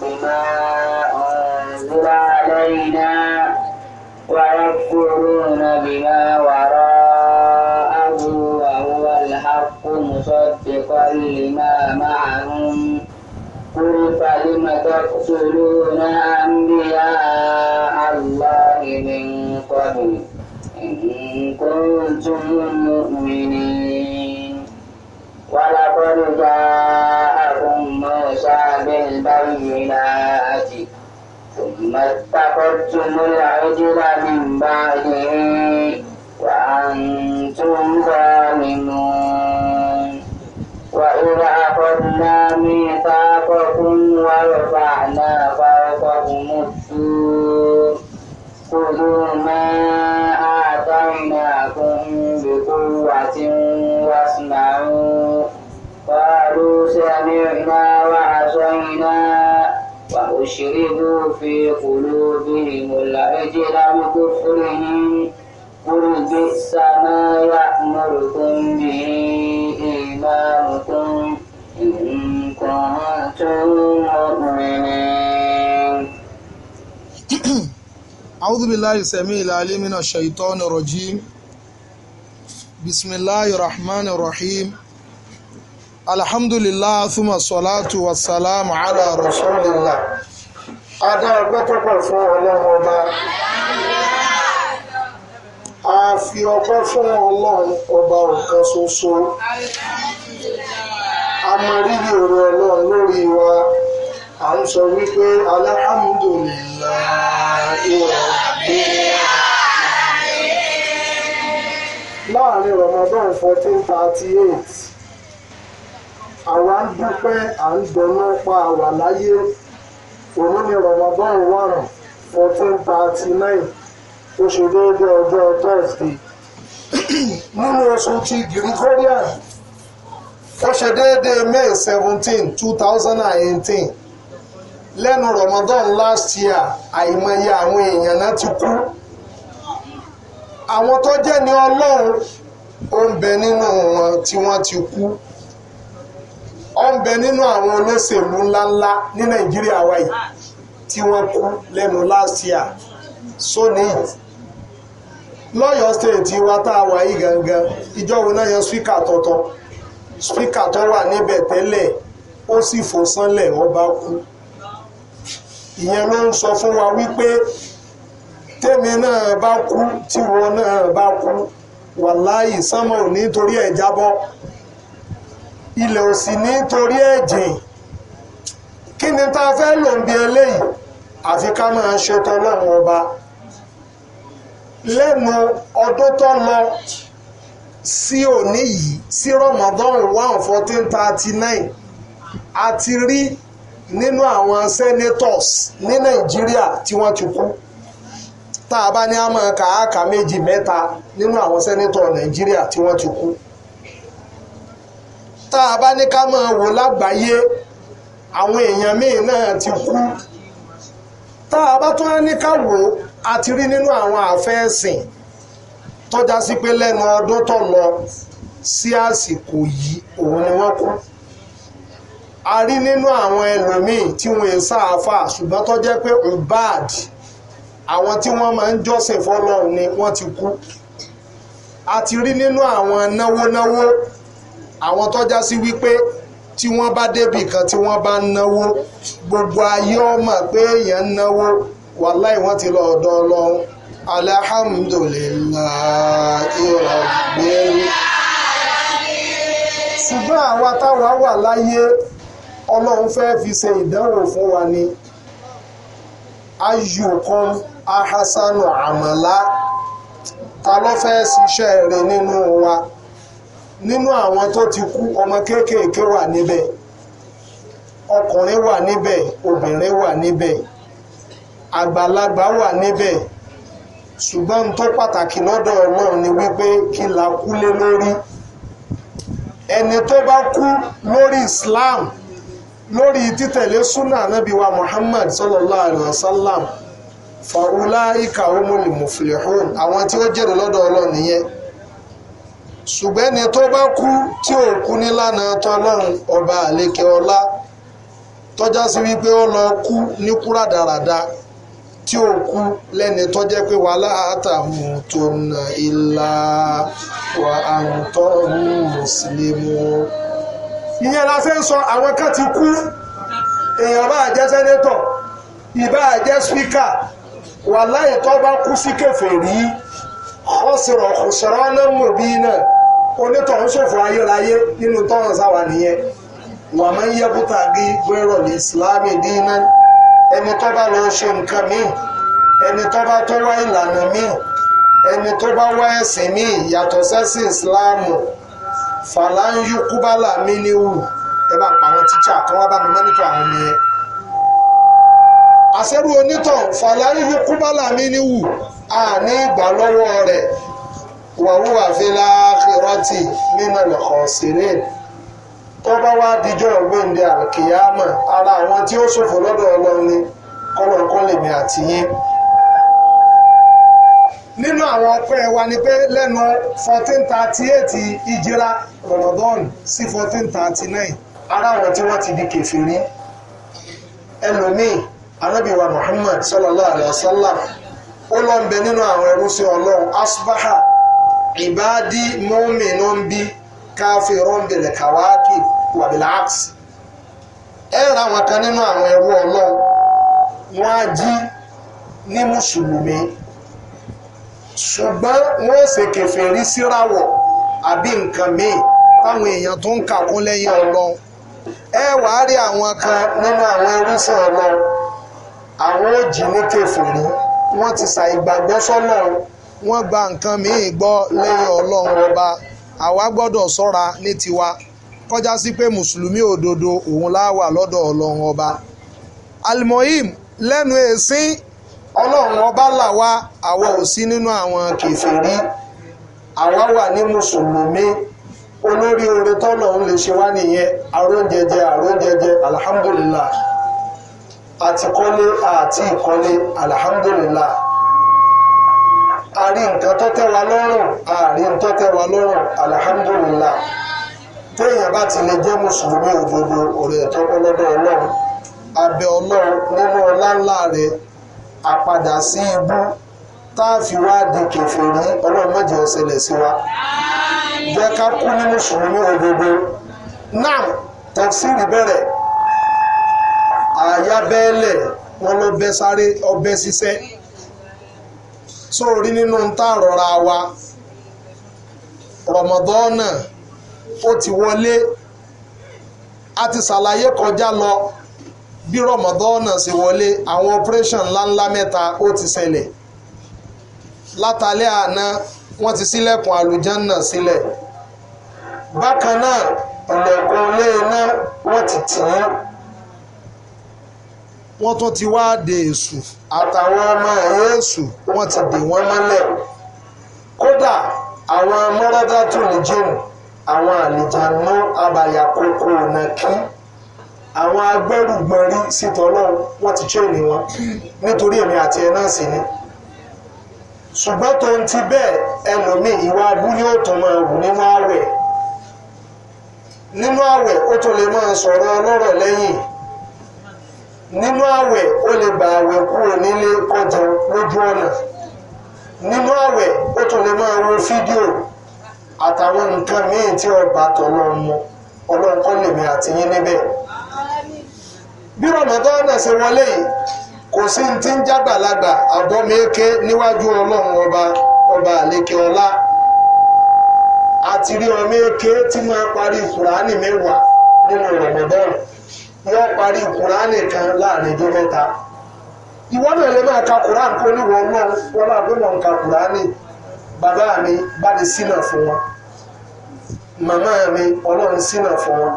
بما أنزل علينا ويكفرون بما وراءه وهو الحق مصدقا لما معهم قل فلم تقتلون أنبياء الله من قبل إن كنتم مؤمنين ولقد جاء موسى بالبينات ثم اتخذتم العجل من بعده وأنتم ظالمون وإذا أخذنا ميثاقكم ورفعنا فوقكم الطور خذوا ما آتيناكم بقوة واسمعوا قالوا سمعنا وعلمنا أطعنا وأشربوا في قلوبهم العجل بكفرهم قل بئس ما يأمركم به إيمانكم إن كنتم مؤمنين أعوذ بالله السميع العليم من الشيطان الرجيم بسم الله الرحمن الرحيم alhamdulillah thumma salatu wa salamu ala rasulillah adá ọgbẹ́ tó pọ̀ fún ọlọ́run ọba a fi ọpẹ́ fún ọlọ́run ọba ọ̀kan ṣoṣo a mọ rírì ọ̀rọ̀ ọlọ́run lórí wa à ń sọ wípé alhamdulillahi rabbil láàrin Ramadan fourteen thirty eight àwa ń dúpẹ́ à ń dẹnu pa àwà láyé òní ni Ramadan one fourteen thirty nine oṣù déédé ọjọ́ thursday nínú oṣù ti gregorian ó ṣe déédé may seventeen two thousand and eighteen lẹ́nu Ramadan last year àìmọye àwọn èèyàn náà ti kú àwọn tó jẹ́ ní ọlọ́run ó ń bẹ nínú wọn tí wọ́n ti kú ó ń bẹ nínú àwọn olóṣèlú ńláńlá ní nàìjíríà wa yìí tí wọ́n kú lẹ́nu last year sóní lọ́yọ̀ stéètì wa tá a wà yìí gangan ìjọba náà yan spíkà tọ̀tọ̀ spíkà tó wà níbẹ̀ tẹ́lẹ̀ ó sì fò sánlẹ̀ ọba kú ìyẹn ló ń sọ fún wa wípé tẹ́mi náà bá kú tíwọ náà bá kú wàláyì sánmọ̀ nítorí ẹ̀ jábọ́ ilẹ̀ ò sì ní torí ẹ̀jìn kí ni tá a fẹ́ lò ń bi eléyìí àfi ká máa ṣètò ọlọ́run ọba lẹ́nu ọdún tó lọ sí òní yìí sí Ramadan one fourteen thirty nine a ti rí nínú àwọn senators ní Nàìjíríà tí wọ́n ti kú tá a bá ní a máa méjì mẹ́ta nínú àwọn senator Nàìjíríà tí wọ́n ti kú tá a bá ní ká máa wò lágbàáyé àwọn èèyàn míì náà ti kú tá a bá tún ní ká wò a ti rí nínú àwọn àfẹ́sìn tọ́já sí pé lẹ́nu ọdún tó lọ sí àsìkò yìí òun ni wọ́n kú a rí nínú àwọn ẹlòmíì tí wọ́n ń sáàfà ṣùgbọ́n tó jẹ́ pé ubad àwọn tí wọ́n máa ń jọ́sìn fọ́lọ́run ni wọ́n ti kú a ti rí nínú àwọn náwó náwó. náwó àwọn tọ́já sí wípé tí wọ́n bá débì kan tí wọ́n bá ń náwó gbogbo ayé ọmọ pé èèyàn ń náwó wàláì wọ́n ti lọ ọ̀dọ̀ ọlọ́run alhamdulillahi ṣùgbọ́n àwa táwa wà láyé ọlọ́run fẹ́ fi ṣe ìdánwò fún wa ni ayyukum ahasanu amala ta ló fẹ́ ṣiṣẹ́ rẹ̀ nínú wa. No nínú àwọn tó ti kú ọmọ kéékèèké wà níbẹ̀ ọkùnrin wà níbẹ̀ obìnrin wà níbẹ̀ àgbàlagbà wà níbẹ̀ ṣùgbọ́n tó pàtàkì lọ́dọ̀ ọlọ́run ni wípé kí la kú lórí ẹni tó bá kú lórí Islam lórí títẹ̀lé súnà anábì wa Muhammad sallallahu alayhi wa sallam fa ulaika humul muflihun àwọn tí ó jẹ́rìí lọ́dọ̀ ọlọ́run nìyẹn ṣùgbọ́n ẹni tó bá kú tí ò kú nílànà tọ́lọ́run ọba àlékè ọlá tọ́já sí wípé ó lọ kú ní kúrà dáradá tí ò kú lẹ́ni tó jẹ́ pé wàhálà àtàmù tó nà ìlà wà àrùn tó ìyẹn la fẹ́ sọ àwọn kan ti kú èèyàn bá jẹ́ sẹ́nẹ́tọ̀ ìbá jẹ́ spíkà wàhálà ìtọ́ bá kú sí kẹfẹ́ rí ọ̀sọ̀rọ̀ ọ̀sọ̀rọ̀ ọ̀nà náà onítọ̀hún ṣòfò ayérayé nínú tọ́hún sáwà nìyẹn wà máa ń yẹ bùtà bí gbẹ́rọ̀ ní ìsìlámì dínà ẹni tó bá lọ ṣe nǹkan míì ẹni tó bá tó wá ìlànà míì ẹni tó bá wá ẹ̀sìn míì yàtọ̀ sẹ́sìn ìsìlámù fàlàyé kúbálà mi ní wù ẹ bá ń pa àwọn tíṣà kan wá bá mi mọ́nítọ̀ àwọn ọmọ yẹn àṣẹ́rù onítọ̀ fàlàyé kúbálà mi ní wù àní ìgbà lọ́wọ́ rẹ̀ wa huwa fil akhirati minal khasirin tó bá wá dijọ́ ọ̀gbẹ́ndẹ àkìyámọ̀ ara àwọn tí ó ṣòfò lọ́dọ̀ ọlọ́run ni kọ́lọ́kọ́ lèmi àtìyín nínú àwọn ọpẹ́ wa ni pé lẹ́nu fourteen thirty eight ìjìra ramadan sí fourteen thirty nine ara àwọn tí wọ́n ti di kèfèrí ẹlòmíì anábìwá muhammad sallallahu alayhi wa sallam ó lọ ń bẹ nínú àwọn ẹrú sí ọlọ́run asbaha ibadi mu'minun bi kafirun bil kawakib wa bil aks ẹ ra àwọn awọn ṣùgbọ́n wọ́n ṣe kèfèrí síráwọ̀ àbí nǹkan míì táwọn èèyàn tó ń kàkún lẹ́yìn ẹ wàá rí àwọn kan nínú àwọn àwọn òjì ní wọ́n ti wọ́n gba nǹkan míì gbọ́ lẹ́yìn ọlọ́run ọba àwa gbọ́dọ̀ sọ́ra ní tiwa kọjá sí pé mùsùlùmí òdodo òun láwà lọ́dọ̀ ọlọ́run ọba alimohim lẹ́nu èsín ọlọ́run ọba là wá àwa ò sí nínú àwọn kèfèrí àwa wà ní mùsùlùmí olórí oore tọ́lọ̀ ń lè ṣe wá nìyẹn àróúnjẹjẹ àróúnjẹjẹ alhamdulillah àtikọ́lé àti ìkọ́lé alhamdulillah àrí nǹkan tó tẹ́ wa lọ́rùn àrí nǹkan tẹ́ wa lọ́rùn téèyàn bá ti lè jẹ́ mùsùlùmí òdodo òrè ìtọ́kọ́ ọlọ́dọ̀ ọlọ́run abẹ ọlọ́run nínú ọlá ńlá àpadà sí ibú tá a fi wá di kèfèrí ọlọ́run má sí wọn lọ sáré ọbẹ̀ ṣiṣẹ́. sórí nínú tá a rọra wa rọmọdọ́nà ó ti wọlé a ti ṣàlàyé kọjá lọ bí rọmọdọ́nà ṣe wọlé àwọn operation ńláńlá mẹ́ta ó ti ṣẹlẹ̀ látàlẹ́ àná wọ́n ti ṣílẹ̀kùn àlùjànnà sílẹ̀ bákan náà ilẹ̀kùn ilé iná wọ́n ti tì í wọ́n tún ti wá de èṣù àtàwọn ọmọ ẹ̀yẹ èṣù wọ́n ti dè wọ́n mọ́lẹ̀ kódà àwọn mọ́rọ́dá tó lè jẹun àwọn àlìjàmọ́ abàyà kókó nàkí àwọn agbẹ́rùgbọ́nrí síta ọlọ́run wọ́n ti chain wọn nítorí èmi àti ẹ̀ náà sì ni ṣùgbọ́n tó ń ti bẹ́ẹ̀ ẹlòmíì ìwà abúlé ò máa wù nínú àwẹ̀ nínú àwẹ̀ ó tó lè máa sọ̀rọ̀ ọlọ́rọ̀ lẹ́yìn nínú àwẹ̀ ó lè gba àwẹ̀ kúrò nílé kọjọ lójú ọ̀nà nínú àwẹ̀ ó tún lè máa wo fídíò àtàwọn nǹkan míì tí ọba tọ̀lọ́ mu ọlọ́run lèmi àti yín níbẹ̀. bí ṣe wọlé yìí kò sí ní ti ń jágbàlagbà àbọ̀mẹ́kẹ́ níwájú ọlọ́run ọba ọba àlékè ọlá àti rí tí máa yóò parí kùránì kan láàrin ọjọ́ mẹ́ta ìwọ náà lè máa ka kùránì ní wọn náà wọn náà gbé wọn ka kùránì bàbá mi bá ní sínà fún wọn màmá mi ọlọ́run sínà fún wọn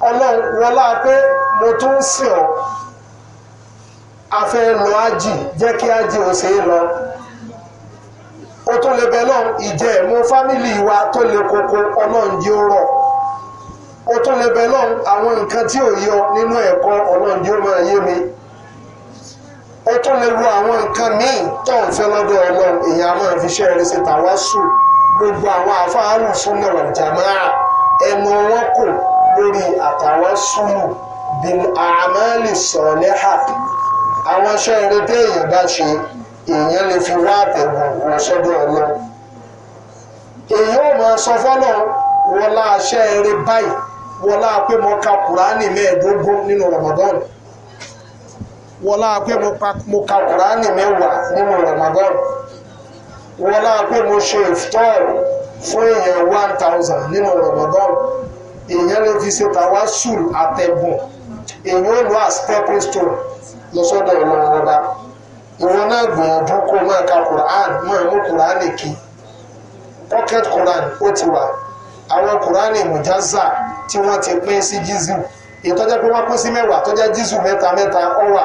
ọlọ́run wọlá pé mo tún ń sìn ọ́ afẹ́ lọ wa tó koko ọlọ́run jí ó rọ̀. o tún lè bẹ lọ́n àwọn nǹkan tí ò yọ nínú ẹ̀kọ́ ọlọ́run yóò máa yé mi o tún lè wo àwọn nǹkan míì tó ń fẹ́ lọ́dọ̀ ọlọ́run èèyàn máa fi ṣe eré ṣe tàwa sùn gbogbo àwọn àfáàlù súnmọ́ jàmáà ẹnu wọn kò lórí àtàwọn súnmù bin àmàlì sọ̀lẹ́hà àwọn aṣọ eré tí èèyàn bá ṣe èèyàn lè fi wá àtẹ̀wọ̀n wọ sọ́dọ̀ ọlọ́run èèyàn ò máa sọ fọ́lọ́ wọlá aṣẹ́ eré báyìí wọlá pé mo ka kùránì mẹ́ẹ̀ẹ́dógún nínú Ramadan wọlá pé mo ka kùránì mẹ́wàá nínú Ramadan wọlá pé mo ṣe ìfitọ́ọ̀rù fún èèyàn one thousand nínú Ramadan èèyàn lè fi ṣe tàwa sùn àtẹ̀gùn èèyàn ò lọ àstepping stone lọ́sọ́dọ̀ ìlọrin rọ́dá ìwọ náà gbìyànjú kó máa ka Quran máa mú Quran kí pocket Quran ó ti wà àwọn kùránì mùjásà tí wọ́n ti pín sí jízù ìtọ́jẹ́ pé wọ́n pín sí mẹ́wàá tọ́jẹ́ jízù mẹ́ta mẹ́ta ọ̀wà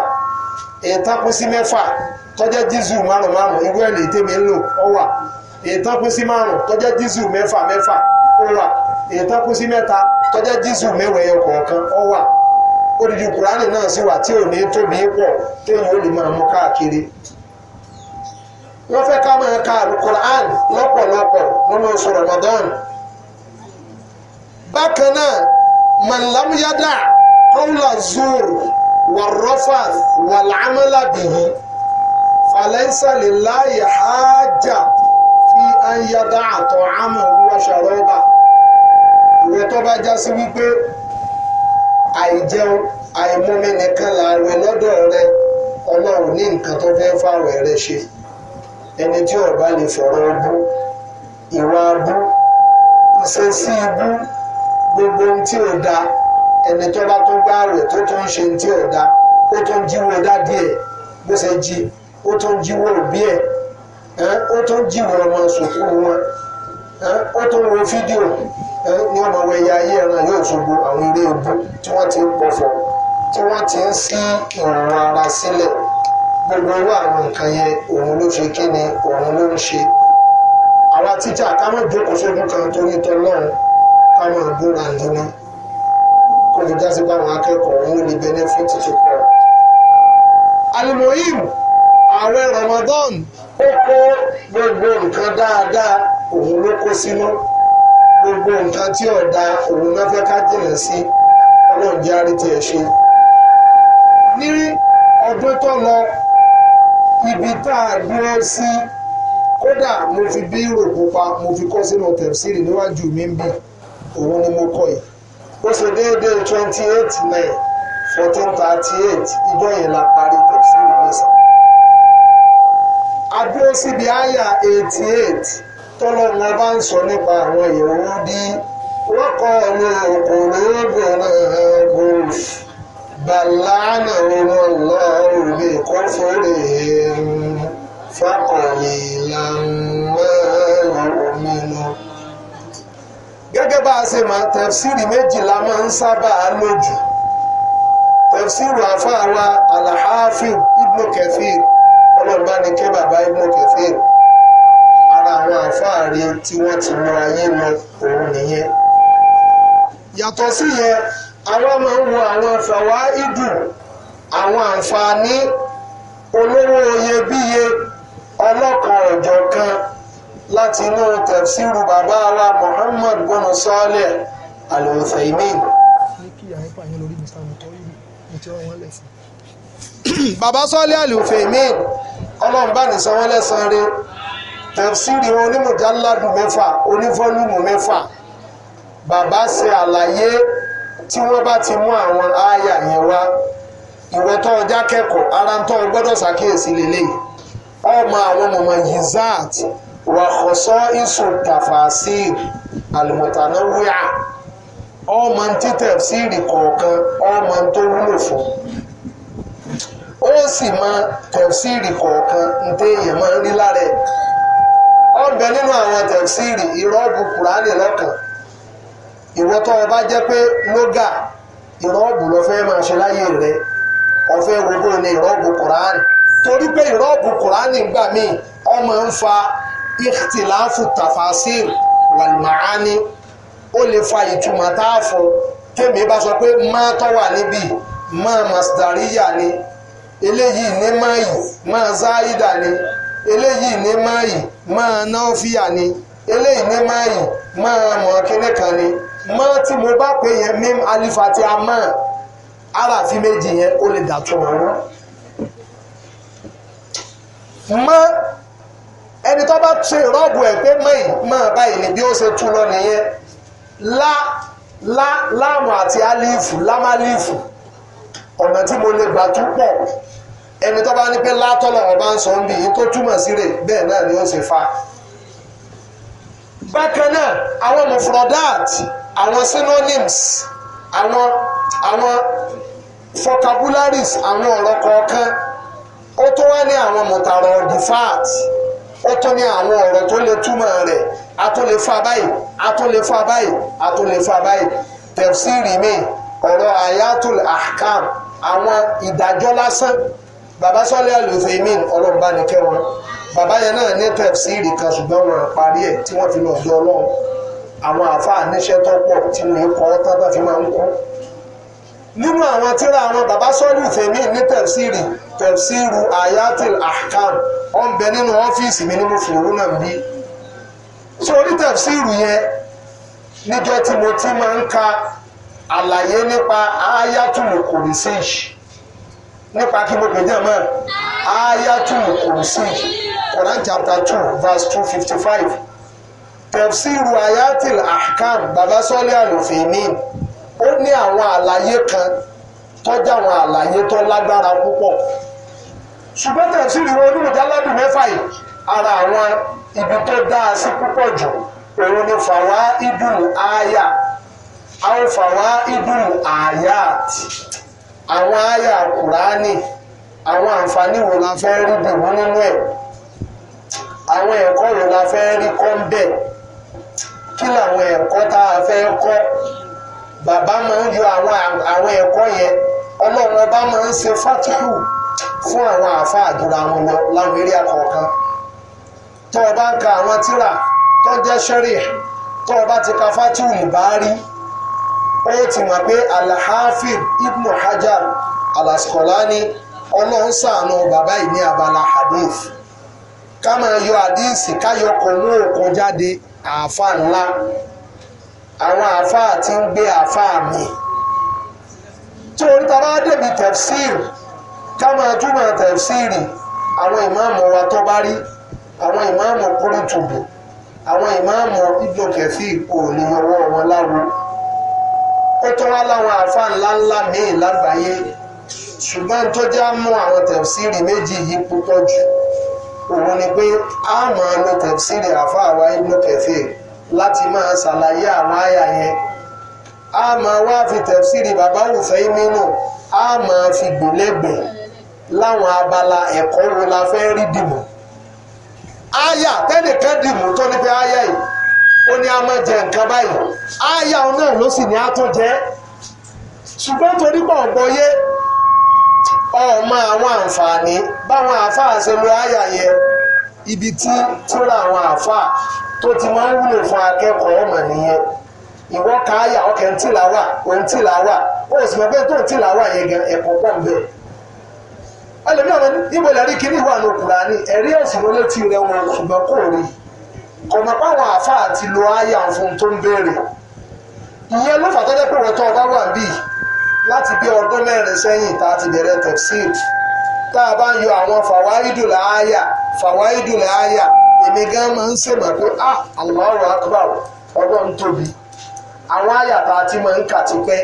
ìtàn pín sí mẹ́fà tọ́jẹ́ jízù márùn márùn irú ẹ̀ lè tèmi ń ọ̀wà ìtàn pín sí márùn tọ́jẹ́ jízù mẹ́fà mẹ́fà ọ̀wà pín sí mẹ́ta mẹ́wàá kọ̀ọ̀kan ọ̀wà odidi kùránì náà sì wà tí ò ní tóbi pọ̀ téèyàn wọ́n fẹ́ ká Ramadan bákan náà mọ̀lámúyádà kọ́ńlá zuru wà rọ́fà wà lámàlà bìyí falẹ́sàlẹ̀ láàyè hájà fi ànyádà àtọ̀ àmọ̀ wíwá ṣàrọ́bà ìwé tó bá já sí wípé àìjẹun àìmọ́mi nìkan làárẹ̀ lọ́dọ̀ rẹ ọlọ́run ní nǹkan tó fẹ́ fáwọ̀ rẹ ṣe ẹni tí ọba lè fọ̀rọ̀ ọbú ìwà abú ìṣesí ibú gbogbo ohun tí ò da ẹni tó bá tó gbá rẹ̀ tó tó ń ṣe ohun tí ò da ó tó ń jíwó dádì ẹ̀ bó ṣe jí ó tó ń jíwó òbí ẹ̀ ó tó ń jíwó ọmọ sùkúrù wọn ó tó ń wo fídíò ní ọmọ wẹ̀yà ayé ẹran yóò ṣogbo àwọn eré ogun tí wọ́n ti ń pọ̀fọ̀ tí wọ́n ti ń sí ìrùn ara sílẹ̀ gbogbo owó àwọn nǹkan yẹn òun ló ṣe kí ni òun ló ń ṣe àwa tíjà ká má sójú kan torí tọ́lọ́run ká máa gbóra àdúrà kó lè dá sí báwọn akẹ́kọ̀ọ́ wọn lè bẹ́nẹ́fìtì tó pọ̀. alimoyim ààrẹ Ramadan ó kó gbogbo nǹkan dáadáa òun ló kó sínú gbogbo nǹkan tí ọ̀dà òun náà fẹ́ ká jìnà sí ọlọ́run jẹ́ àrètí ẹ̀ ṣe. ní ọdún tó lọ ibi tá a dúró sí kódà mo fi bí rògbòpa mo fi kọ́ sínú tẹ̀síìrì níwájú mi ń bì òun ni mo kọ yìí ó ṣe déédéé twenty eight nine fourteen thirty eight ìjọ yẹn la parí tẹ̀sí ìrẹsà. adúró síbi àyà eighty eight tọ́lọ́ ni wọ́n bá ń sọ nípa àwọn ìyẹ̀wò bí wọ́n kọ́ ọ̀nà òkùnrin obìnrin gùn bàlánà wọn lọ́ọ́ òbí kọ́fọ́rẹ́ yẹn. bá a ṣe máa tẹ̀síìrì méjìlá máa ń sábà lójú tẹ̀síìrì àfáàwá alahafid ibnu kẹfìr ọlọ́ọ̀bá ni kẹ́ bàbá ibnu kẹfìr ara àwọn àfáàrí tí wọ́n ti mọ ayé lọ òun nìyẹn yàtọ̀ sí yẹn àwọn máa ń wo àwọn fàwa ìdù àwọn àǹfààní olówó iyebíye ọlọ́kan ọ̀jọ̀ kan láti inú tafsiru bàbá wa Muhammad bin Salih Al-Uthaymin. bàbá Salih Al-Uthaymin ọlọ́run bá ní sanwó lẹ́sàn-án rẹ̀ tafsiri wọn onímọ̀jáládù mẹ́fà onífọ́lùmù mẹ́fà bàbá ṣe àlàyé tí wọ́n bá ti mú àwọn àyà yẹn wá ìwọ tó ọjà kẹ́kọ̀ọ́ ara ń tọ́ ọ gbọ́dọ̀ ṣàkíyèsí lélẹ́yìí ọmọ àwọn mọ̀mọ́ yìí zaat wàhọ́sọ́ìsù tàfàṣìr àlùmọ̀tànáwíà ọmọ tí tẹ̀síìrì kọ̀ọ̀kan ọmọ tó wúlò fún ó sì mọ tẹ̀síìrì kọ̀ọ̀kan ntẹ́ èèyàn máa ń rí lára ẹ̀ ọbẹ̀ nínú àwọn tẹ̀síìrì ìrọ́bù kùránì lọ́kàn ìwọ tó o bá jẹ́ pé lógà ìrọ́bù ló fẹ́ máa ṣe láyé rẹ ọ̀fẹ́ gbogbo ni ìrọ́bù kùránì torí pé ìrọ́bù kùránì gbà míì ọmọ ń fa ìtìláfù tàfàṣìr wàlùmáàní ó lè fa ìtumọ̀ tá a fọ tèmi bá sọ pé má tọ́ wà níbí má masdariya ni eléyìí ní máyì má záídà ni eléyìí ní máyì má náfíà ni eléyìí ní máyì má mọ̀ kíní kan ni má tí mo bá pè yẹn mím alifati amá aláàfin méjì yẹn ó lè dàtú ọ̀rọ̀ má ẹni tó bá tún ìrọ́bù ẹ̀ pé mọ́ì máa báyìí ni bí ó ṣe tú lọ nìyẹn lá lá láàmù àti álífù lámálífù ọ̀nà tí mo lè gbà tún pọ̀ ẹni tó bá ní pé látọ́lọ̀ ọba ń sọ ń bì í tó túmọ̀ sí rè bẹ́ẹ̀ náà ni ó ṣe fa bákan náà àwọn mufrodat àwọn synonyms àwọn àwọn vocabularies àwọn ọ̀rọ̀ kọ̀ọ̀kan ó tó wá ní àwọn mọ̀tàrọ̀ ó tún ní àwọn ọ̀rọ̀ tó lè túmọ̀ rẹ̀ a tún lè fa báyìí a tún lè fa báyìí a tún lè fa báyìí tẹ̀síìrì mi ọ̀rọ̀ ayatul akam, àwọn ìdájọ́ lásán bàbá sọ́lé àlùfẹ́mí ọlọ́mùbá ni kẹwọn bàbá yẹn náà ní tẹ̀síìrì kan ṣùgbọ́n wọn parí ẹ̀ tí wọ́n fi lọ́ọ́ jọ ọlọ́run àwọn àáfàá níṣẹ́ tó pọ̀ tí wọ́n kọ́ tọ́tọ́ fi máa ń kọ́ nínú àwọn tíra àwọn bàbá sọ́ọ̀lù ìfẹ̀mí ní tẹ̀síìrì tẹ̀síìrù ayatil ahkam ó ń bẹ nínú ọ́fíìsì mi nínú fòrò náà bí so orí tẹ̀síìrù yẹn níjọ́ tí mo ti máa ń ka àlàyé nípa ayatul kùrìsì nípa kí mo pè jẹ́ mọ́ ayatul kùrìsì Quran chapter two verse two fifty five tẹ̀síìrù ayatil ahkam bàbá sọ́ọ̀lù àlùfẹ̀mí ó ní àwọn àlàyé kan tọ́jà àwọn àlàyé tó lágbára púpọ̀ ṣùgbọ́n tẹ̀síìrì wọn olùjálábì mẹ́fà yìí ara àwọn ibi tó dáa sí púpọ̀ jù òun ni fàwa ìdùnnú àyà àwọn fàwa ìdùnnú àyà àwọn àyà kùránì àwọn àǹfààní wo la fẹ́ rí bìbú nínú ẹ̀ àwọn ẹ̀kọ́ wo la fẹ́ rí kọ́ ń bẹ̀ kí làwọn ẹ̀kọ́ tá a fẹ́ kọ́ bàbá máa ń yọ àwọn ẹ̀kọ́ yẹn ọlọ́run ọba máa ń ṣe fatihu fún àwọn àáfàá àdúrà wọn lọ láwọn eré àkọ́kọ́ tó o bá ń ka àwọn tíra tó ń jẹ́ sẹ́rí tó o bá ti ka fatihu mubari ó ti mọ̀ pé alhafid ibn hajar alaskolani ọlọ́run ṣàánú bàbá yìí ní abala hadith ká máa yọ àdínsì ká yọ kọ̀ọ̀mù òkun jáde àáfàá ńlá àwọn àáfàá ti ń gbé àáfàá mi tí orí ta bá débi tẹ̀fsíìrì ká máa túmọ̀ tẹ̀fsíìrì àwọn ìmáàmù wa tó bá rí àwọn ìmáàmù kúrìtùbù àwọn ìmáàmù ibùdó kẹfì òní ọwọ́ wọn láwo ó tó wá láwọn àáfàá ńláńlá míì lágbàáyé ṣùgbọ́n tó já mú àwọn tẹ̀fsíìrì méjì yìí púpọ̀ jù òun ni pé a máa lo tẹ̀fsíìrì àáfàá wa ibùdó kẹfì òní láti máa ṣàlàyé àwọn àyà yẹn a máa wá fi tẹ̀síìrì bàbá òfẹ́ mínú a máa fi gbòlẹ́gbẹ̀ẹ́ láwọn abala ẹ̀kọ́ wo la fẹ́ rí dìbò àyà tẹ́nìkan dìbò tó ní pé àyà yìí ó ní a máa jẹ nǹkan báyìí àyà òun náà ló sì ní a tó jẹ́ ṣùgbọ́n torí pọ̀ gbọ́yé ọmọ àwọn àǹfààní báwọn àáfàá ṣe lo àyà yẹn ibi tí tíra àwọn àáfàá tó ti máa ń wúlò fún akẹ́kọ̀ọ́ ọmọ nìyẹn ìwọ káyà ọkẹ ń tìlà wà ò ń tìlà wà ó sì mọ̀ pé tó ń tìlà wà yẹn gan ẹ̀kọ́ pọ̀ nbẹ̀. ẹlẹ́mìí àwọn ibo lẹ́rí kí ní ìwà ní Kùránì ẹ̀rí ẹ̀sìn ló létí rẹ wọn ṣùgbọ́n kò rí kọ̀mọ̀ páwọn àáfà àti lo àyà fún tó ń béèrè. ìyẹn ló fà tọ́jọ́ pé wọ́n tọ́ ọba wà bíi láti bí ọdún mẹ́rin sẹ́yìn tá a ti bẹ̀rẹ̀ tẹ̀síìd tá a bá ń yọ àwọn fàwáìdùlà àyà fàwáìdùlà àyà èmi gan máa ń ṣègbà pé ah Allahu akbar tóbi àwọn àyàtà tí máa ń kà ti pẹ́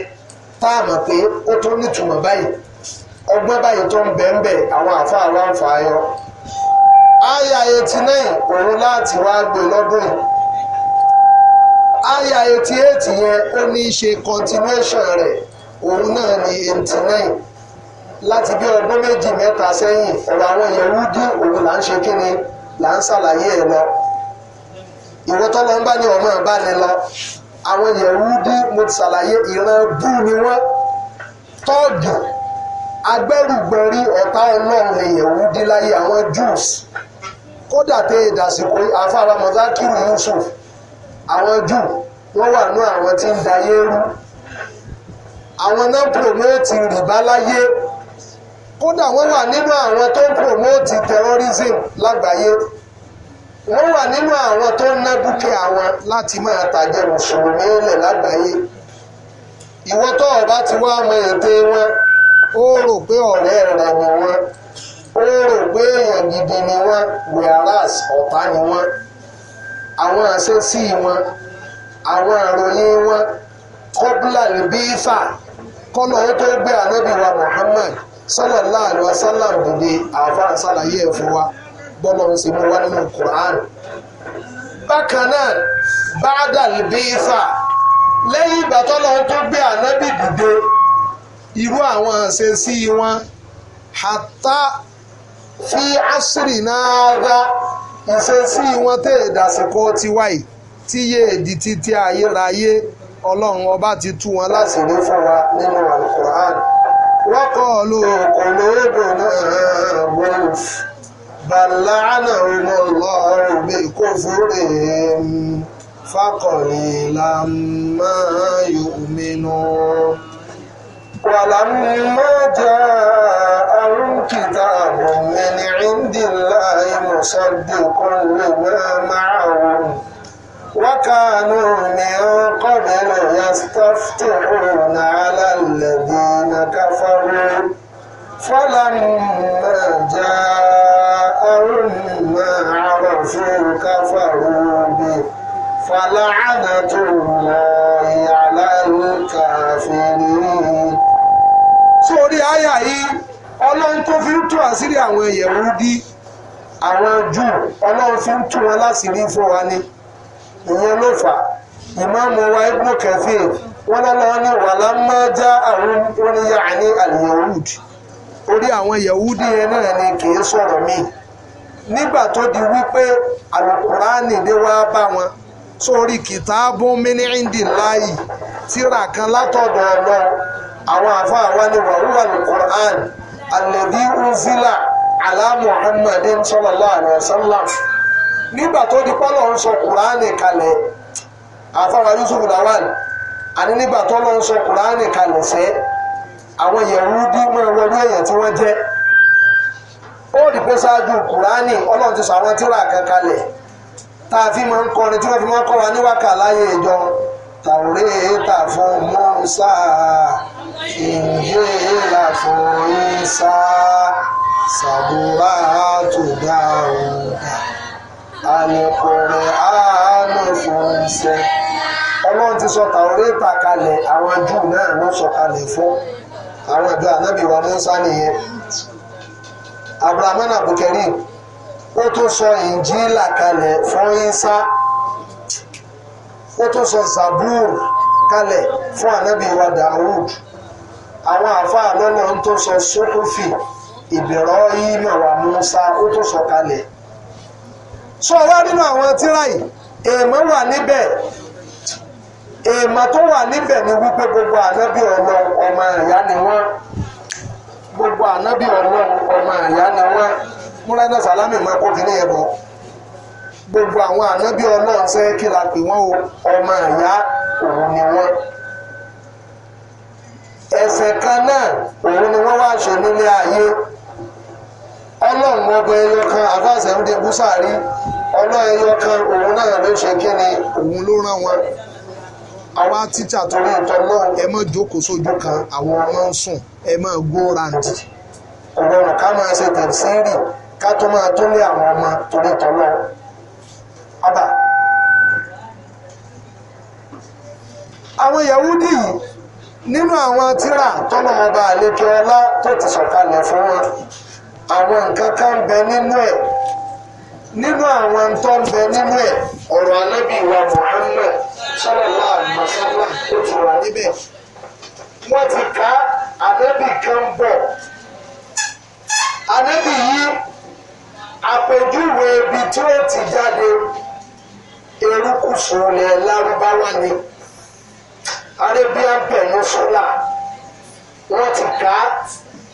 tá a mọ̀ pé ó tó nítumọ̀ báyìí ọgbọ́n báyìí tó ń bẹ̀ àwọn àfa àwọn àǹfààyọ. àyà eighty nine òun láti wá gbé lọ́dún yìí àyà eighty eight yẹn ó ní í ṣe continuation rẹ̀ òun náà ní eighty nine láti bí ọdún méjì mẹ́ta sẹ́yìn ọ̀rọ̀ àwọn èèyàn wúdú òun là ń ṣe kí ni là ń ṣàlàyé ẹ̀ lọ ìwọ tọ́lọ́ ń bá ní ọmọ ẹ̀ bá ní lọ àwọn Yẹhudi mo ti ṣàlàyé ìran bú ni wọ́n tọ́ọ̀dù agbẹ́rùgbẹ̀rí ọ̀tá ọlọ́run Yẹhudi láyé àwọn Jews kódà tẹ ìdásìkò afárá mọ́sákìrì Yusuf àwọn Júù wọ́n wà ní àwọn tí ń dayé rú àwọn náà promote rìbá láyé kódà wọ́n wà nínú àwọn tó ń promote terrorism lágbàáyé wọ́n wà nínú àwọn tó ń ná dúkìá wọn láti máa tàjẹ́ mùsùlùmí lẹ̀ lágbàáyé ìwọ tó ọba ti wá mọ ète wọn ó rò pé ọ̀rẹ́ rẹ̀ ni wọ́n ó rò pé èèyàn gidi ni wọ́n whereas ọ̀tá ni wọ́n àwọn àṣẹ́sí wọn àwọn àròyìn wọn kọ́bùlà ní bífà kọ́nà ó tó gbé ànábìwà Muhammad sallallahu alaihi wasallam dìde àáfàá ṣàlàyé ẹ̀ fún wa bọ́lá ń ṣe mú wa nínú Qur'an bákan náà báàdà bíísà lẹ́yìn ìgbà tọ́lọ́ tó gbé ànábì dìde irú àwọn àṣesí wọn hatta fi asiri náà rá ìṣesí wọn tẹ̀ dàsìkò tiwa yìí tí yéè di títí ayérayé ọlọ́run ọba ti tú wọn láṣìírí fún wa nínú alukur'an. وقالوا قلوبنا غلف بل لعنهم الله بكفرهم فقليلا ما يؤمنون ولما جاءهم كتاب من عند الله مصدق لما معهم وكانوا من قبل يستفتحون على الذين كفروا فلما جاءهم ما عرفوا كفروا به فلعنة الله على الكافرين sórí àyà ọlọ́run tó fi ń àṣírí àwọn àwọn Jù ọlọ́run fi ń wọn láṣìírí fún ìyẹn ló fà ìmáàmù wa ibùdó kẹfíìn wọn lọ́la ní wàlá máa já àwọn oníyà ní àlùyẹ̀wùd orí àwọn yẹ̀wùdí yẹn náà ni kì í sọ̀rọ̀ míì nígbà tó di wípé àlùkùránì dé wá bá wọn sórí kìtàbù mínírìndì láàyè tíra kan látọ̀dọ̀ ọlọ́run àwọn àfáà wa ni wàhùwà àlùkùránì alladhi unzila ala muhammadin sallallahu alaihi wasallam nígbà tó di pọ́lọ̀ ń sọ kùránì kalẹ̀ àfọwọ́ yusuf lawan àní nígbà tó lọ́ ń sọ kùránì kalẹ̀ sẹ́ àwọn yẹ̀wúdí máa wọlé èèyàn tí wọ́n jẹ́ ó rí pé ṣáájú kùránì ọlọ́run ti sọ àwọn tírà kan kalẹ̀ tá a fi máa ń kọrin tí wọ́n fi máa ń kọ́ wa níwákà láyé ìjọ tàwórẹ́ẹ̀ta fún mọ́sá ìhìnlá fún ìsá sàbúrà tó dáa ọ̀dà alukoro àánú fún ṣe ọlọ́run ti sọ tàwọ́rẹ́tà kalẹ̀ àwọn júù náà ló sọ kalẹ̀ fún àwọn ìjọ ànábì wa Mùsá nìyẹn abrahamu abukari ó tún sọ ìnjílà kalẹ̀ fún Ìsá ó tún sọ zabur kalẹ̀ fún ànábì wa Dawud àwọn àfáà lọ́nà tó sọ sókòfì ìbẹ̀rọ yìí mọ̀ wá ó tún sọ kalẹ̀ sọ nínú àwọn tíra yìí èèmọ̀ wà níbẹ̀ èèmọ̀ tó wà níbẹ̀ ni wípé gbogbo ànábì ọlọ́run ọmọ àyá ni wọ́n gbogbo ànábì ọlọ́run ọmọ àyá ni wọ́n múlẹ́dà sàlámì máa kó kíní ẹ̀bọ gbogbo àwọn ànábì ọlọ́run ṣe kí la pè wọ́n o ọmọ àyá òun ni wọ́n ẹ̀ṣẹ̀ kan náà òun ni wọ́n wá ṣe nílé ayé. ọmọ ogun ẹyọ kan àfàṣẹ ń de búsàárì ọlọ́ ẹyọ kan òun náà ló ṣe kí ni òun ló rán wọn àwa tíṣà torí nǹkan náà ẹ má jókòó sójú kan àwọn ọmọ ń sùn ẹ má go round ọ̀rọ̀ ká máa ṣe tẹ̀síìrì ká tó máa tó lé àwọn ọmọ torí tọ́lọ́ ọba. àwọn Yahudi yìí nínú àwọn tírà tọ́lọ́ ọba àlejò ọlá tó ti sọ̀kalẹ̀ fún wọn àwọn nǹkan kan ń bẹ nínú ẹ̀ nínú àwọn tó ń bẹ nínú ẹ̀ ọ̀rọ̀ anábì wa Muhammad sallallahu alaihi wasallam tó ti wà níbẹ̀ wọ́n ti ká anábì kan bọ̀ anábì yìí àpèjúwe ibi tí ó ti jáde erékùsù ilẹ̀ lárúbáwá ni Arabian Peninsula wọ́n ti ká.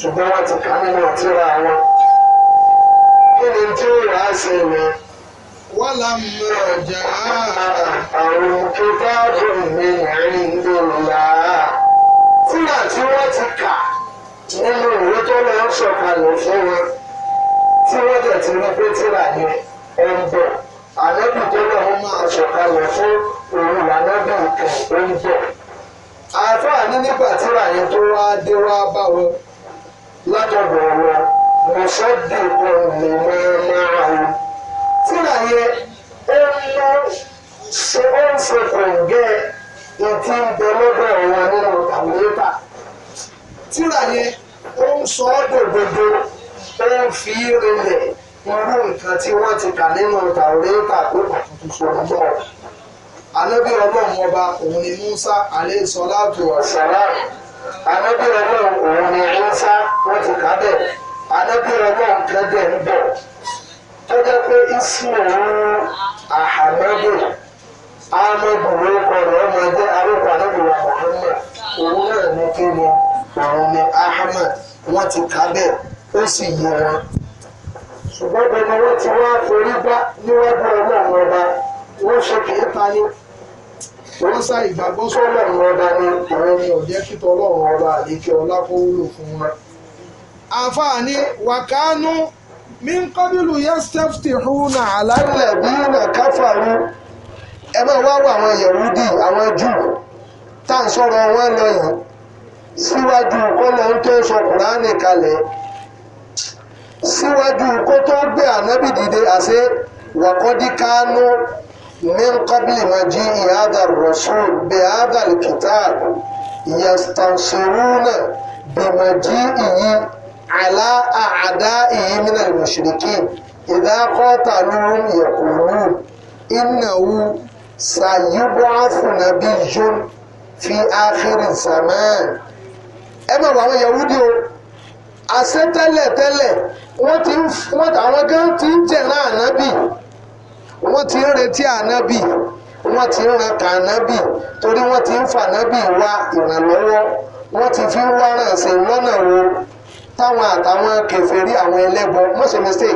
ṣùgbọ́n wọ́n ti kà nínú ìtura wọn. kí ni tí ó yà á ṣe mi? wọ́n là ń mú ọjà àrùn kíkọ́dù mi rìn lòlá. tíra tí wọ́n ti kà nínú ìwé tó lọ ń sọ̀kalẹ̀ fún wọn tí wọ́n jẹ̀ ti rí pé tíra yẹn ń bọ̀ àlẹ́bù tó lọ ń sọ̀kalẹ̀ fún òun làlẹ́bù kan ń bọ̀. àfáà ní nígbà tíra yẹn tó wá dé wá bá wọn látọ̀dọ̀ wọn mo sọ́dí ohun mi máa máa ń. tíra yẹ ó mú ṣe ó ń ṣe kòǹgẹ́ ìdí ń bẹ lọ́dọ̀ wọn nínú tàwílẹ́tà. tíra yẹ ó ń sọ ọ́ dòdòdò ó ń fi rinlẹ̀ irú nǹkan tí wọ́n ti kà nínú tàwílẹ́tà pé àtúntò sọ̀rọ̀ náà ànábì ọlọ́run ọba òun ni Musa alayhi salatu wa salam anábì ọlọ́run òun ni ẹ̀ńsá wọ́n ti kà bẹ́ẹ̀ anábì ọlọ́run gẹ́gẹ́ ń bọ̀ tó jẹ́ pé ismail ahamadu amẹ́bùrú kọ̀ọ̀rọ̀ ọmọdé arúgbó anábìrún Muhammad òun náà ní òun ni wọ́n ti kà bẹ́ẹ̀ ó sì wọn ṣùgbọ́n ti wá forí gbá níwájú ọlọ́run ọba wọ́n ṣe kì í wọ́n sá ìgbàgbọ́ sọ́lọ́run ọba ni àwọn ni ọ̀jẹ́ kíta ọlọ́run ọba àlékè ọlá kó wúlò fún wọn. àfààní wàkánú mi ń kọ́bílù yastaftihuna ala alladhina kafaru ẹ máa wá wọ àwọn Yahudi àwọn Júù tá à ń sọ̀rọ̀ wọn lọ síwájú kọ́lọ̀ ń tó sọ Kùránì kalẹ̀ síwájú kó tó gbé ànábì dìde àṣẹ wàkọ́dí kánú من قبل مجيء هذا الرسول بهذا الكتاب يستنصرون بمجيئه على أعدائه من المشركين إذا قاتلوهم يقولون إنه سيبعث نبي في آخر الزمان أما àwọn yahudi o àṣẹ tẹ́lẹ̀ tẹ́lẹ̀ wọ́n ti wọ́n àwọn gan ti wọ́n ti ń retí ànábì wọ́n ti ń ran kànábì torí wọ́n ti ń fànábì wá ìrànlọ́wọ́ wọ́n ti fi ń wárán sí lọ́nà wo táwọn àtàwọn kèfèrí àwọn ẹlẹ́bọ má ṣe mistake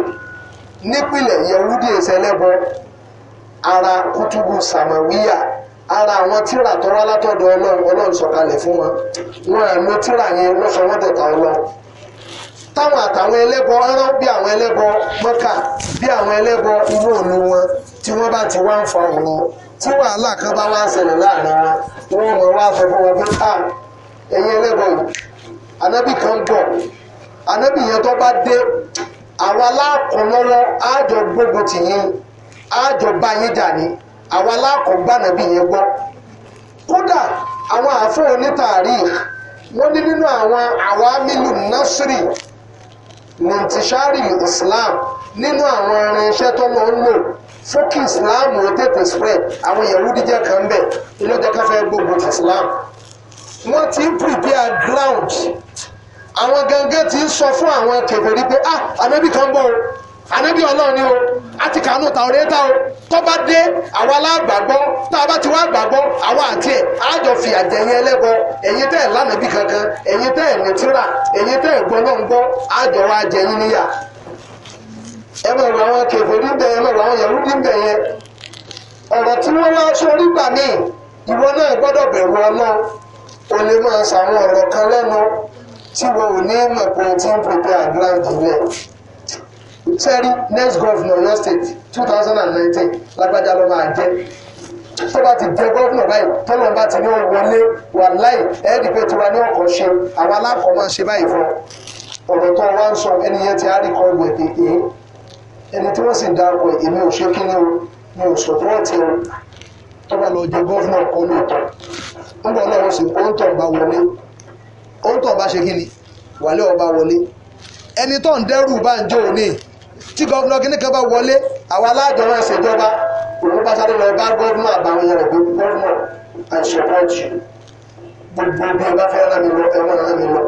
nípìnlẹ̀ yẹwúdí èsì ẹlẹ́bọ ara kútùbù sàmàwíyà ara àwọn tíra tọ́ra látọ̀dọ̀ ọlọ́run ọlọ́run sọ̀kalẹ̀ fún wọn wọn àmì tíra yẹn lọ́sọ̀wọ́dẹ̀ta ọlọ́run táwọn àtàwọn ẹlẹ́bọ rán bí àwọn ẹlẹ́bọ mọ́kà bí àwọn ẹlẹ́bọ inú òlu wọn tí wọ́n bá ti wá ń fa ọ̀rọ̀ tí kan bá wá ń ṣẹlẹ̀ láàrin wọn wọ́n mọ̀ wá fún wọn ká ẹ̀yin ẹlẹ́bọ yìí kan bọ̀ yẹn tó bá dé àwọn àjọ àjọ bá yín jà ní àwọn aláàkọ́gbà ànábì yẹn gbọ́ kódà àwọn àfọwọ́ nítàrí wọ́n nìtìṣárì islam nínú àwọn irinṣẹ́ tó lọ ń lò fún kí islam ó tètè spread àwọn yahudi jẹ́ kan bẹ̀ inú jẹ́ ká fẹ́ gbógun ti islam wọ́n ti ń prepare ground àwọn gangan ti ń sọ fún àwọn kèfèrí pé ah àbẹ́bí kan bọ̀ o ànábì ọlọ́run ni o a ti kàánú ta ọ̀rẹ́ ta o tó bá dé àwa alágbàgbọ́ tá a bá ti wá gbàgbọ́ àwa àti ẹ̀ àjọ fi àjẹyìn ẹlẹ́bọ ẹ̀yin tẹ́ ẹ̀ lánàbí kankan ẹ̀yin tẹ́ ẹ̀ ní tíra ẹ̀yin tẹ́ ẹ̀ gbọ́ náà ń gbọ́ àjọ wa jẹyìn níyà ẹ mọ̀ ọ̀rọ̀ àwọn kẹfẹ́ níbẹ̀ ẹ mọ̀ ọ̀rọ̀ àwọn yẹ̀rú níbẹ̀ yẹn ọ̀rọ̀ tí wọ́n wá sórí gbà míì ìwọ náà gbọ́dọ̀ bẹ̀rù ọlọ́run o lè máa ṣàwọn ọ̀rọ̀ kan lẹ́nu tí wọn ò ní mọ̀ pé o ti ń pèpè àdúrà jù bẹ́ẹ̀. sẹ́rí next governor Ọ̀yọ́ state two thousand and nineteen lágbájá ló máa jẹ́ tó bá ti jẹ gómìnà báyìí tọ́lọ́ bá ti ní ó wọlé wà láì ẹ́ẹ́dì pé tiwa ní ọkọ̀ ṣe àwọn aláǹkọ̀ máa ṣe báyìí fún ọ̀rọ̀ tó wá ń sọ ẹni yẹn ti àárín kan gbẹ̀ ẹni tí wọ́n sì èmi ò ṣe o mi ò o tó lọ jẹ ń bọ̀ náà wọ́n sì ọba wọlé ẹni tó ń dẹ́rù tí gọ́vùnà kínní kan bá wọlé àwọn aládùn máa ṣèjọba òun bá sáré lọ bá gọ́vùnà àbáwọn yẹn rẹ̀ pé gọ́vùnà I support you gbogbo bí ẹ bá fẹ́ rán mi lọ ẹ máa rán mi lọ.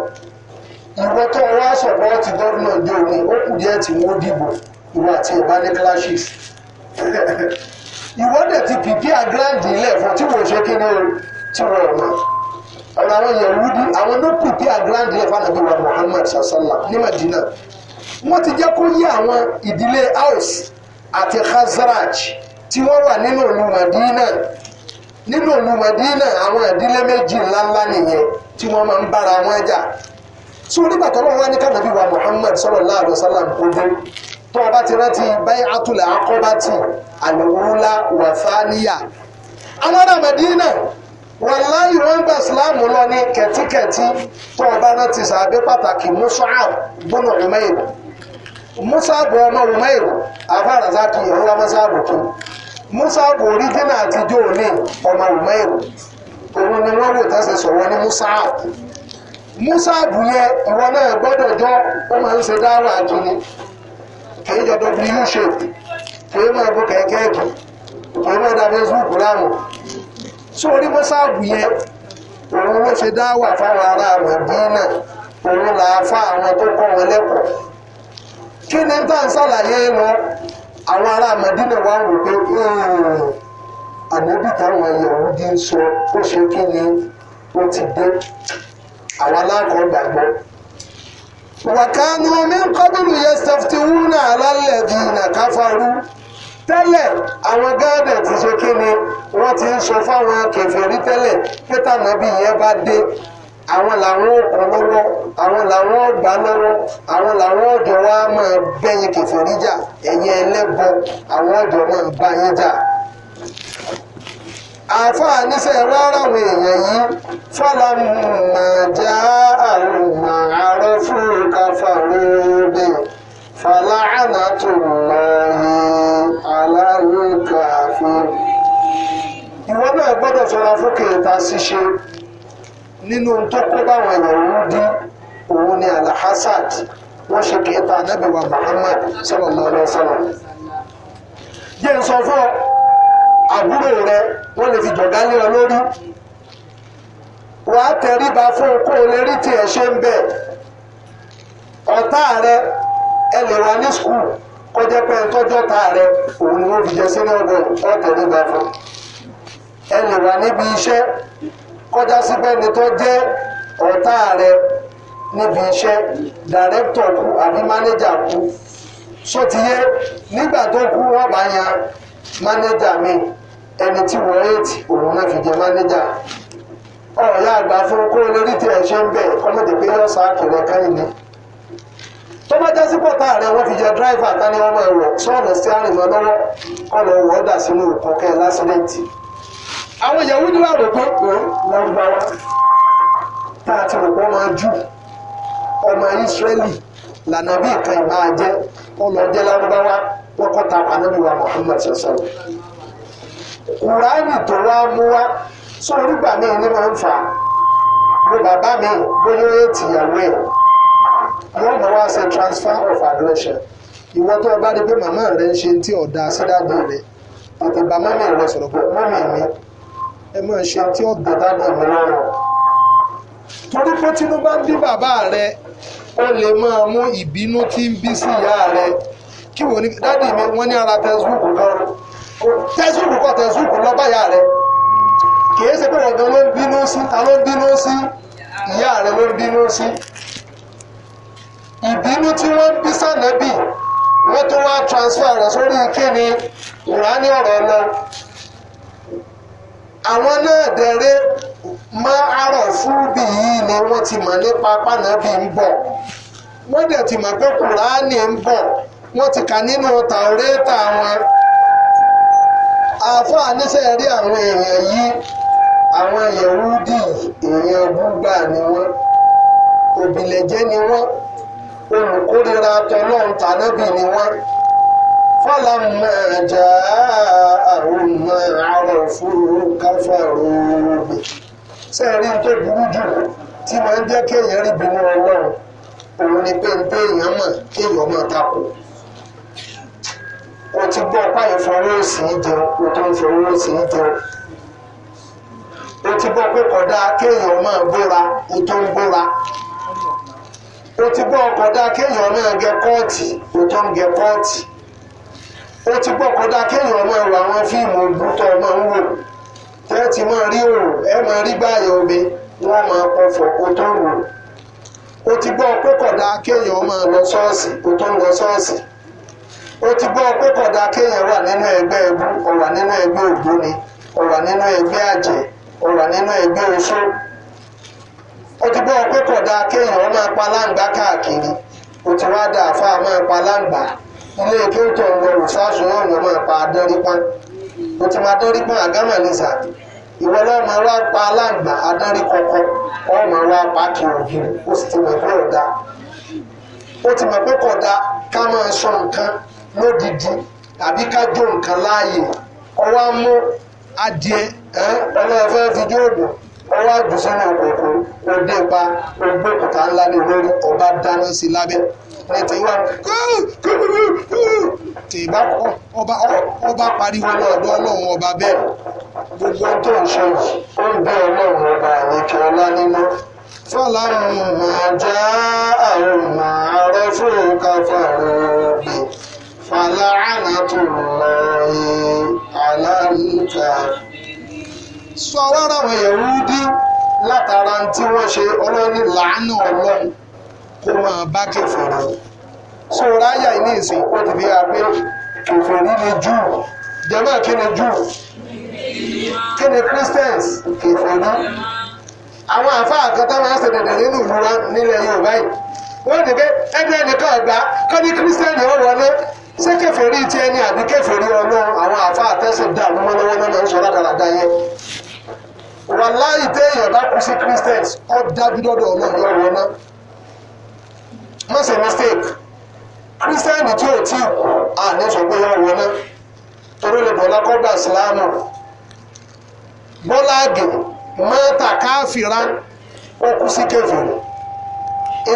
ìwọ tó wá sọ̀pọ̀ ti gọ́vùnà dé òun ó kù díẹ̀ tí wọ́n dìbò ìwọ àti ìbá ní clashes. ìwọ dẹ̀ ti pìpì àgíráǹdì ilẹ̀ fún tí wọ́n ṣe kí ni tí wọ́n mọ̀ ọ̀rọ̀ àwọn yẹn wúdi àwọn ló pìpì àgíráǹdì ilẹ̀ fún àdàbí wa Muhammad sasala ní Madina wọ́n ti jẹ́ kó yé àwọn ìdílé Aus àti Khazraj tí wọ́n wà nínú ìlú Madina nínú ìlú Madina àwọn ìdílé méjì ńláńlá nìyẹn tí wọ́n máa ń bára wọn jà tí onígbà tó lọ́wọ́ wá ní kánàbí wa Muhammad sallallahu alaihi wasallam kó dé tó o bá ti rántí bay'atul aqabati al-ula wa àwọn ará Madina wàláyé wọn gba islam lọ ní kẹtíkẹtí tó o bá rántí sàbẹ pàtàkì Mus'ab bunu Umayr mọ́sáàbù ọmọ rùmẹ́rù afárasá kì í rúra mọ́sáàbù kì mọ́sáàbù oríjìnà àtijọ́ òní ọmọ rùmẹ́rù òun ni wọ́n wò tẹ́sẹ̀ sọ̀rọ̀ ní Musa. mọ́sáàbù yẹn ìwọ náà gbọ́dọ̀ jọ ó máa ń ṣe dáwà kìíní kìí jọ w shape kìí máa bó kẹ̀kẹ́ kì kìí máa da facebook láàmú sí orí mọ́sáàbù yẹn òun ló ṣe dáwà fáwọn ará àmàbí náà òun làá fá àwọn tó kọ́ wọn lẹ́kọ̀ọ́ kí ni tá à ń ṣàlàyé wọn àwọn ará Màdínà wa wò pé ànábì táwọn Yahudi ń sọ ó ṣe kí ni ó ti dé àwọn aláǹkọ́ gbàgbọ́ wàkánú min kọ́bùrù yastaftiwuna ala alladhina kafaru tẹ́lẹ̀ àwọn gáàdẹ̀ ti ṣe kí ni wọ́n ti ń sọ fáwọn kèfèrí tẹ́lẹ̀ pé de. àwọn làwọn ọkọ̀ lọ́wọ́ àwọn làwọn ọgbà lọ́wọ́ àwọn làwọn ọ̀dọ́ wa máa bẹ́yìn kẹfẹ́rí jà ẹ̀yìn ẹlẹ́bọ àwọn ọ̀dọ́ máa bá yín jà. àáfàá níṣẹ́ rárá àwọn èèyàn yìí fọlọ́mà já àrùn àárọ̀ fún káfàrú bẹ́ fàlàánà tó lọ́yìn alárùn káfí. ìwọ náà gbọ́dọ̀ fara fún kèéta ṣíṣe nínú tó kó báwọn ìwọ̀rún dí òun ni alhasad wọ́n ṣe kẹta anábìwá muhammad sallallahu alaihi wasallam jẹ́ ń sọ fún àbúrò rẹ wọ́n lè fi jọ̀gá lé ọ lórí wàá tẹríba fún kó o lè rí tiẹ̀ ṣe ń bẹ̀ ọ̀tá rẹ ẹ lè wà ní skul kó pé tọ́jọ́ ta rẹ òun ni wọ́n fi jẹ sínú ọgbọ̀n ọ̀tẹ̀ríba fún ẹ lè wà níbi iṣẹ́ kọjá sí pé ẹni tó jẹ́ ọ̀tá rẹ níbi iṣẹ́ dàrẹ́tọ̀ kú àbí mánéjà kú só ti yé nígbà tó kú wọ́n bá yan mánéjà mi ẹni tí wọ́n rèétì òun náà fi jẹ mánéjà ọ̀ọ́yá àgbà fún kó lórí tí ẹ̀ ń bẹ̀ pé yọ sá káyìn ni tó fi jẹ dráìvà tání ọmọ ẹ̀wọ̀ sí lọ́wọ́ àwọn ìyàwó ní wàá rògbò pé lárúbáwá tá a ti rògbò máa jù ọmọ Ísírẹ́lì lànà bí nǹkan ìbá jẹ́ ọlọ́jẹ́ lárúbáwá kọ́kọ́ ta ànábìwá Muhammad sọ̀sọ̀ kùránì tó wá mú wá sórí gbà mí ní máa ń fà á bó bàbá mi bóyá ó ti ìyàwó ẹ̀ yóò mọ̀ wá ṣe transfer of aggression ìwọ tó o bá rí pé màmá rẹ ń ṣe tí ọ̀dà sídáàdì rẹ tètè bá mọ́mí rẹ sọ̀rọ̀ pé mọ́mí mi ẹ máa ṣe tí ó dé dání mi lọ́rùn torí pé tínú bá ń bí bàbá rẹ ó lè máa mú ìbínú tí ń bí sí ìyá rẹ kí wọ́n ní dádì mi wọ́n ní ara tẹ́sùkù kan tẹ́sùkù kọ́ tẹ́sùkù lọ́ba ìyá rẹ kìí ṣe pé ọ̀dọ́ ló ń bínú sí ta ló ń bínú sí ìyá rẹ ló ń bínú sí ìbínú tí wọ́n bí sànẹ́bì wọ́n tún wá transfer rẹ̀ sórí kíni ìrání ọ̀rọ̀ náà àwọn náà dẹ̀rẹ́ máa arọ̀ fún bí yìí ni wọ́n ti mọ̀ nípa pànàbí ń bọ̀ wọ́n dẹ̀ ti mọ̀ pé kùránì ń bọ̀ wọ́n ti kà nínú tàwọ́rẹ́tà wọn àfọ́ àníṣe rí àwọn èèyàn yìí àwọn yẹ̀wúdì èèyàn búgbà ni wọ́n òbílẹ̀jẹ́ ni wọ́n olùkórira tọ́lọ́ǹtà nábì ni wọ́n. فلما جاءهم ما عرفوا كفروا به sẹ́ẹ̀rí tó burú jù tí máa ń jẹ́ kéèyàn rí bínú ọlọ́run òun ni pé ń pé èèyàn mọ̀ kéèyàn máa takò o ti gbọ́ ọpá fọwọ́ sí í jẹun o tó ń fọwọ́ sí í jẹun o ti gbọ́ pé kódà kéèyàn máa bóra o tó ń bóra o ti gbọ́ kódà kéèyàn máa gẹ kóòtì o tó ń gẹ kóòtì. ó ti gbọ́ kódà kéèyàn máa wo àwọn fíìmù bútọ́ máa ń wò tẹ́ ti máa rí òòrùn ẹ máa rí báyọ̀ omi wọ́n máa pọ̀ fọ̀ kó tó wò ti gbọ́ pé kódà kéèyàn máa lọ sọ́ọ̀sì kó tó lọ sọ́ọ̀sì ó ti gbọ́ pé kéèyàn wà nínú ẹgbẹ́ ẹbú ọ̀wà nínú ẹgbẹ́ ògbóni ọ̀wà ilé kí n tó ń wọ rùsáàsù yóò máa pa mo ti máa dánrípọ́n àgámà ní sà ìwọ lọ́wọ́ máa wá pa aláǹgbà adánríkọ́kọ́ ọ́ máa pa ó sì ti mọ̀ pé ọ̀dà ó ti mọ̀ pé kọ̀dà ká máa sọ nǹkan lódìdí àbí ká jó nǹkan láàyè ọwọ́ á mú adìẹ ọlọ́run fẹ́ fi jó ọwọ́ àjùsọ́nà òkòkò ńlá ní ọba dáná sí lábẹ́. ètè wa tè bá ọba ọba pariwo ní ọ̀dọ̀ Ọlọ́run ọba bẹ́ẹ̀ gbogbo tó ń ṣe ó ń bẹ Ọlọ́run ọba àlekè ọlá nínú fọláhùn àjà àrùn ààrẹ fún káfàrọ òbí fàlàánà tó lọrin aláǹkà. sọ wá ráwọn yẹ̀wú dín látara tí wọ́n ṣe ọlọ́run làánú ọlọ́run kó máa bá kẹfìrí so ráyà ní ìsìn ó ti fi hàn pé kẹfìrí ni jù jẹ́mọ́ kí ni jù kí ni christians kẹfìrí àwọn àfáà kan tó máa ń ṣe dẹ̀dẹ̀ nínú ìlú wa nílẹ̀ yorùbá yìí wọ́n ní pé ẹgbẹ́ nìkan ọ̀gbá kọ́ ní kírísítẹ́nì ó wọlé ṣé kẹfẹ́rí tiẹ̀ ní àbí kẹfẹ́rí ọlọ́run àwọn àfáà tẹ́sí dààmú mọ́lọ́wọ́ náà máa ń sọ rádaràdá yẹn. wàláì téèyàn bá kú sí kírísítẹ́nì ó dájú lọ́dọ̀ ọlọ́run ọ̀rọ̀ náà má ṣe mistake kírísítẹ́nì tí ò tí à ní sọ pé wọ́n wọná torí lè bọ́lá kọ́gbà sílámù bọ́lá àgè mọ́ta káfíra ó kú sí kèfèrí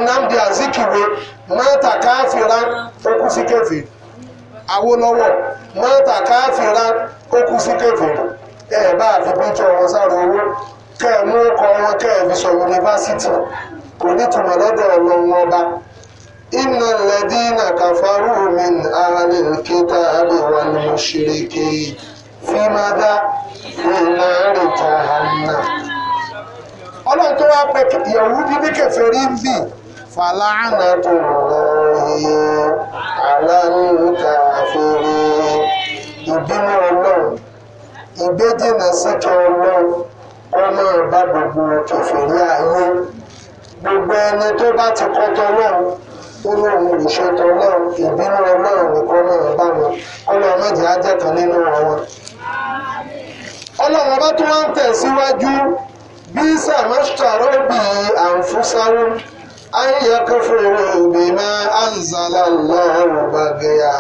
Nnamdi Azikiwe mọ́ta káfíra ó kú sí kèfèrí Awólọ́wọ̀ mọ́ta káfíra ó kú sí kèfèrí ẹ bá fi píjọ wọn sáré owó kẹ́ ẹ mú ọkọ̀ wọn kẹ́ fi sọ yunifásitì kò ní túmọ̀ lọ́dọ̀ ọlọ́run ọba. إن الذين كفروا من أهل الكتاب والمشركين في ماذا؟ في نار جهنم ọlọ́run tó wáá pẹ yahudi ní kèfèrí ń bì fàlànà tó lọ́ọ̀hì aláǹkà fèrè ìbínú ọlọ́run ìgbéjìnà síkẹ ọlọ́run kọ́ máa bá gbogbo gbogbo ẹni tó bá ti nínú àwọn ìṣètò náà ìbínú ọlọ́run nìkan náà bá wọn ọlọ́run méjì á jẹ́ kan nínú wọn. ọlọ́run ọba tó wọ́n ń tẹ̀síwájú bí sàmásítàró bí àǹfúsáwó ayẹyẹ kan fún ìwé òbí máa àǹzàlá lọ́rùn bàgẹ́yà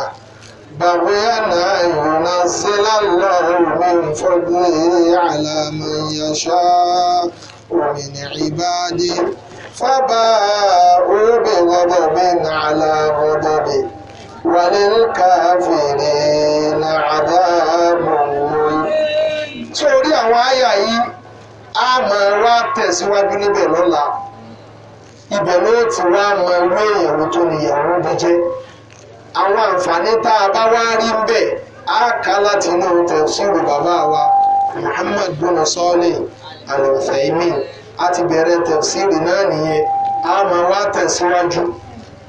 bàbáyà náà ìrònà sílá lọ́rùn mi fọ́dún àlàmì yẹn ṣáà òmìnir ìbáde. فباءوا بغضب على غضب وللكافرين عذاب sórí àwọn àyà yìí a máa wá tẹ̀síwájú níbẹ̀ lọ́la mọ ewé tó ní ìyẹ̀wò àwọn àǹfààní tá a bá wá rí bẹ̀ á kà láti inú tẹ̀síwò bàbá wa Muhammad bin Salih a ti bẹ̀rẹ̀ tẹ̀síìrì náà nìyẹn a máa wá tẹ̀síwájú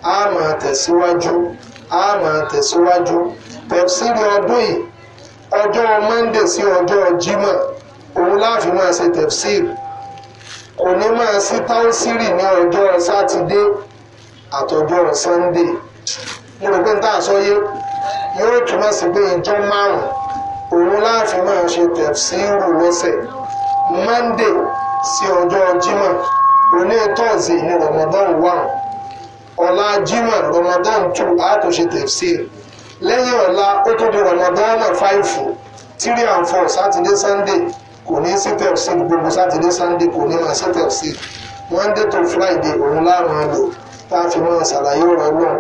a máa tẹ̀síwájú a máa tẹ̀síwájú tẹ̀síìrì ọdún yìí ọjọ́ mọ́ndé sí ọjọ́ jímọ̀ òun láàfin máa ṣe tẹ̀síìrì kò ní máa sí táwọ́sírì ní ọjọ́ sátidé àtọjọ́ sannde mo rò pé n táà sọ yé yóò túmọ̀ sí pé ìjọ márùn-ún òun láàfin máa ṣe tẹ̀síìrì lọ́sẹ̀ mọ́ndé sí ọjọ́ jímọ̀ òní tọ́sí ní Ramadan one ọ̀la jímọ̀ Ramadan two àtúnṣe tafsir lẹ́yìn ọ̀la ó tó di Ramadan five three and four Saturday Sunday kò ní sí tafsir gbogbo Saturday Sunday kò ní máa sí tafsir Monday to Friday òun láàmú lò tá a fi máa ṣàlàyé ọ̀rọ̀ ọlọ́run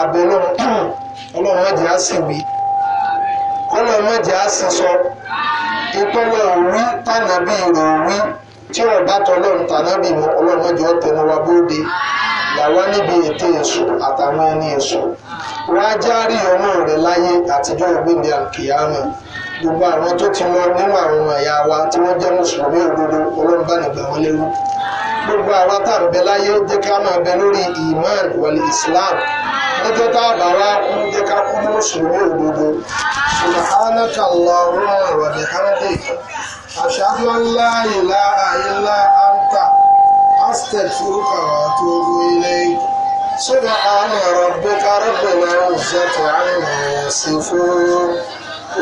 abẹ náà ọlọ́run má jẹ́ á sì wí ọlọ́run má jẹ́ á sì sọ ìtọ́lọ̀ òwí tànàbí rò wí tí wọn bá tọ ọlọ́run tànábì mu ọlọ́run mọ́jọ tẹnu wa bóde làwọn níbi ètò èso àtàwọn ẹni èso wọn á járí ọmọ rẹ láyé àtijọ́ ògbéǹde àkìyàmù gbogbo àwọn tó ti lọ nínú àwọn ẹ̀yà wa tí wọ́n jẹ́ mùsùlùmí òdodo ọlọ́run bá nìgbà wọn léwu gbogbo àwa tá à ń bẹ láyé jẹ́ ká máa bẹ lórí iman wàlẹ̀ islam lọ́jọ́ tá a bá wá kú jẹ́ ká kú ní mùsùlùmí òdodo subhanaka allahumma wa bihamdika. أشهد أن لا إله إلا أنت أستغفرك wa atubu ilayk سبحان ربك رب العزة عما يصفون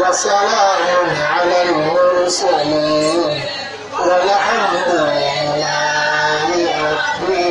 وسلام على المرسلين والحمد لله رب العالمين